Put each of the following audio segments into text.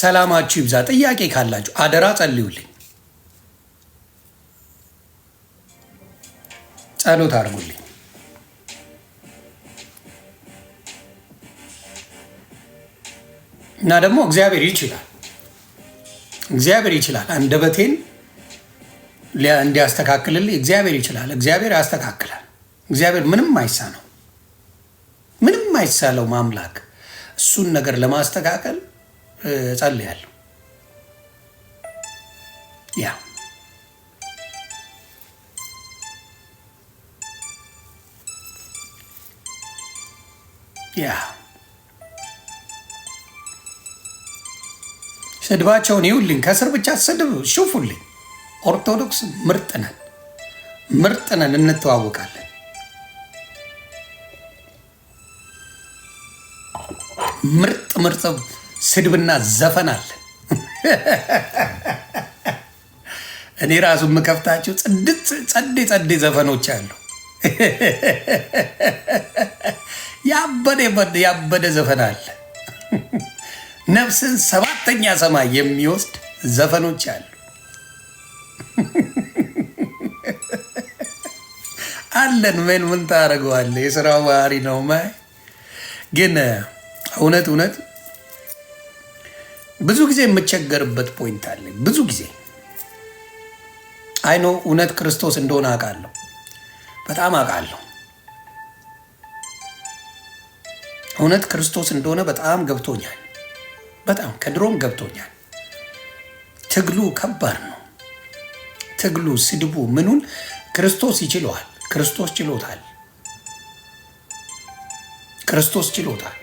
ሰላማችሁ ይብዛ። ጥያቄ ካላችሁ አደራ ጸልዩልኝ፣ ጸሎት አድርጉልኝ። እና ደግሞ እግዚአብሔር ይችላል፣ እግዚአብሔር ይችላል። አንደበቴን እንዲያስተካክልልኝ እግዚአብሔር ይችላል። እግዚአብሔር ያስተካክላል። እግዚአብሔር ምንም አይሳ ነው፣ ምንም አይሳለው ማምላክ እሱን ነገር ለማስተካከል ጸልያለሁ። ያ ያ ስድባቸውን ይውልኝ፣ ከስር ብቻ ስድብ ሽፉልኝ። ኦርቶዶክስ ምርጥ ነን፣ ምርጥ ነን፣ እንተዋወቃለን። ምርጥ ምርጥ ስድብና ዘፈን አለ። እኔ ራሱ የምከፍታቸው ጸዴ ጸዴ ዘፈኖች አሉ። ያበደ ያበደ ዘፈን አለ። ነፍስን ሰባተኛ ሰማይ የሚወስድ ዘፈኖች አሉ አለን። ምን ምን ታደርገዋለህ? የስራው ባህሪ ነው። ማይ ግን እውነት እውነት ብዙ ጊዜ የምቸገርበት ፖይንት አለ። ብዙ ጊዜ አይኖ እውነት ክርስቶስ እንደሆነ አውቃለሁ፣ በጣም አውቃለሁ። እውነት ክርስቶስ እንደሆነ በጣም ገብቶኛል፣ በጣም ከድሮም ገብቶኛል። ትግሉ ከባድ ነው። ትግሉ፣ ስድቡ፣ ምኑን ክርስቶስ ይችለዋል። ክርስቶስ ችሎታል። ክርስቶስ ችሎታል።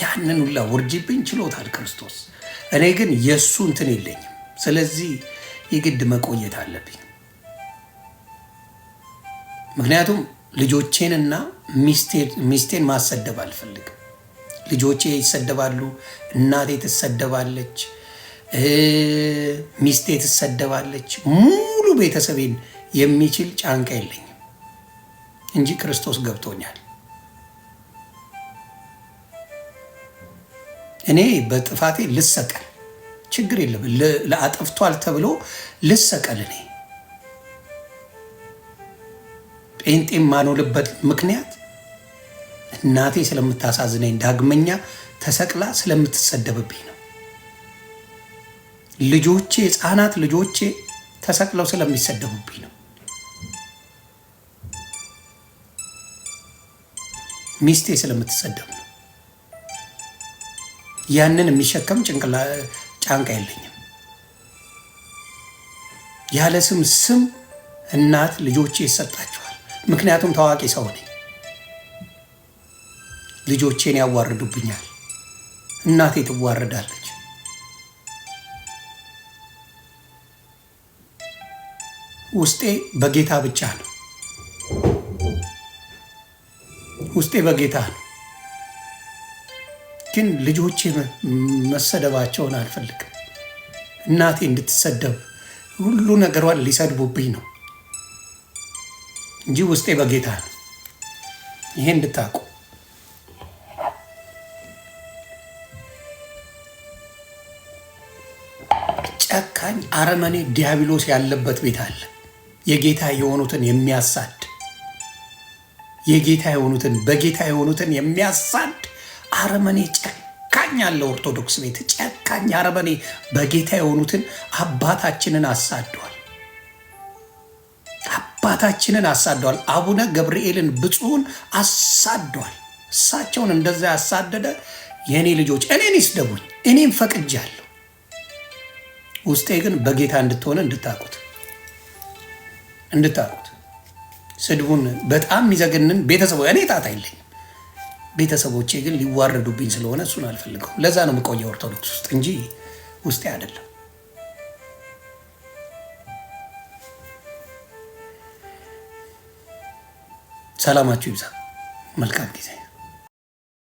ያንን ሁላ ውርጅብኝ ችሎታል ክርስቶስ። እኔ ግን የእሱ እንትን የለኝም። ስለዚህ የግድ መቆየት አለብኝ። ምክንያቱም ልጆቼንና ሚስቴን ማሰደብ አልፈልግም። ልጆቼ ይሰደባሉ፣ እናቴ ትሰደባለች፣ ሚስቴ ትሰደባለች። ሙሉ ቤተሰቤን የሚችል ጫንቃ የለኝም እንጂ ክርስቶስ ገብቶኛል። እኔ በጥፋቴ ልሰቀል፣ ችግር የለም ለአጠፍቷል ተብሎ ልሰቀል። እኔ ጴንጤ ማኖልበት ምክንያት እናቴ ስለምታሳዝነኝ ዳግመኛ ተሰቅላ ስለምትሰደብብኝ ነው። ልጆቼ ህፃናት ልጆቼ ተሰቅለው ስለሚሰደቡብኝ ነው። ሚስቴ ስለምትሰደብ ያንን የሚሸከም ጭንቅላ ጫንቃ የለኝም። ያለ ስም ስም እናት ልጆቼ ይሰጣቸዋል። ምክንያቱም ታዋቂ ሰው ነኝ። ልጆቼን ያዋርዱብኛል። እናቴ ትዋረዳለች። ውስጤ በጌታ ብቻ ነው። ውስጤ በጌታ ነው። ግን ልጆቼ መሰደባቸውን አልፈልግም። እናቴ እንድትሰደብ ሁሉ ነገሯን ሊሰድቡብኝ ነው እንጂ ውስጤ በጌታ ነው። ይሄ እንድታውቁ ጨካኝ አረመኔ ዲያብሎስ ያለበት ቤት አለ። የጌታ የሆኑትን የሚያሳድ የጌታ የሆኑትን በጌታ የሆኑትን የሚያሳድ አረመኔ ጨካኝ አለ። ኦርቶዶክስ ቤት ጨካኝ አረመኔ በጌታ የሆኑትን አባታችንን አሳደዋል። አባታችንን አሳደዋል። አቡነ ገብርኤልን ብፁዕን አሳደዋል። እሳቸውን እንደዛ ያሳደደ የእኔ ልጆች እኔን ይስደቡኝ፣ እኔም ፈቅጃለሁ። ውስጤ ግን በጌታ እንድትሆነ እንድታቁት እንድታቁት ስድቡን በጣም የሚዘግንን ቤተሰቡ እኔ ጣት አይለኝ ቤተሰቦቼ ግን ሊዋረዱብኝ ስለሆነ እሱን አልፈልገው። ለዛ ነው የምቆየው ኦርቶዶክስ ውስጥ እንጂ ውስጤ አይደለም። ሰላማችሁ ይብዛ። መልካም ጊዜ